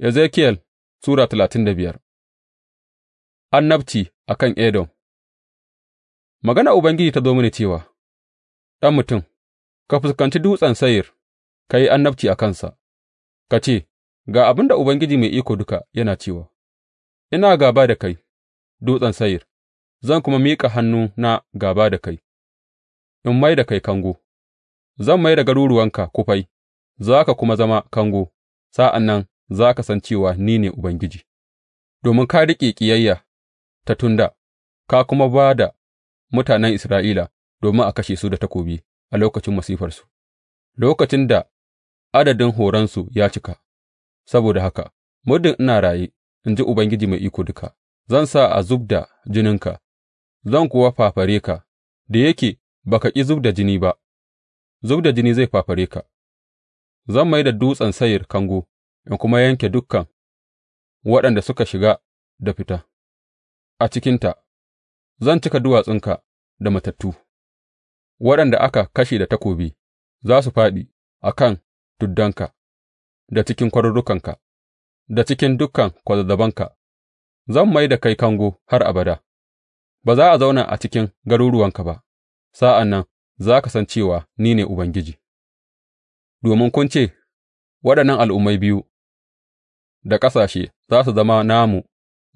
ezekiel Sura talatin da biyar Annabci a kan Edom Magana Ubangiji ta zo mini cewa, Ɗan mutum, ka fuskanci dutsen Sayir, ka yi annabci a kansa, ka ce, Ga abin da Ubangiji Mai Iko Duka yana cewa, Ina gaba da kai, dutsen Sayir, zan kuma miƙa hannu na gaba da kai, in mai da kai kango, zan mai da garuruwanka kufai, za ka kuma zama kango, sa'an nan za ka san cewa ni ne Ubangiji, domin ka riƙe ƙiyayya ta tun da, ka kuma ba da mutanen Isra'ila domin a kashe su da takobi a lokacin masifarsu, lokacin da adadin horonsu ya cika, saboda haka, muddin ina raye, in ji Ubangiji Mai Iko Duka, zan sa a zub da jininka, zan kuwa fafare ka, da yake ba ka ƙi zub da jini ba, zub da jini zai fafare ka, zan mai da dutsen Sayir kango in kuma yanke dukan waɗanda suka shiga da fita a cikinta, zan cika duwatsunka da matattu, waɗanda aka kashe da takobi za su fāɗi a kan tuddanka, da cikin kwarurrukanka, da cikin dukan kwazazzabanka, zan mai da kai kango har abada, ba za a zauna a cikin garuruwanka ba, sa'an nan za ka san cewa ni ne Ubangiji, domin kun ce, waɗannan al'ummai biyu da ƙasashe za su zama namu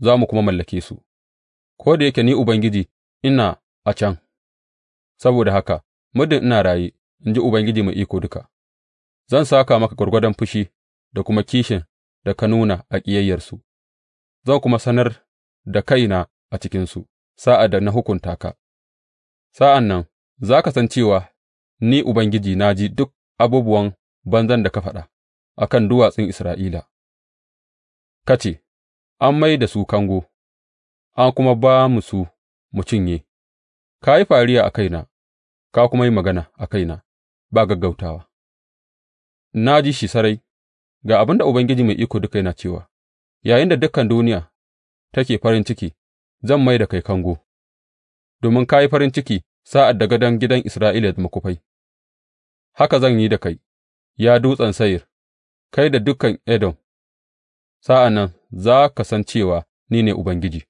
za mu kuma mallake su, ko da yake ni Ubangiji ina a can, saboda haka muddin ina raye, in ji Ubangiji Mai Iko Duka, zan saka maka gwargwadon fushi da kuma kishin da ka nuna a ƙiyayyarsu, zan kuma sanar da kaina a cikinsu sa'ad da na hukunta ka, sa'an nan za ka san cewa ni Ubangiji na ji duk abubuwan banzan da ka faɗa a kan duwatsun Isra'ila. ka ce, An mai da su kango, an kuma ba mu su mu cinye; ka yi fariya a kaina ka kuma yi magana a kaina ba gaggautawa, na ji shi sarai, ga abin da Ubangiji Mai Iko Duka yana cewa, yayin da dukan duniya take farin ciki, zan mai da kai kango, domin ka yi farin ciki sa'ad da gadon gidan Isra'ila ya makufai, haka zan yi da kai, ya Dutsen sayir kai da dukan Edom. Sa'an nan za ka san cewa ni ne Ubangiji.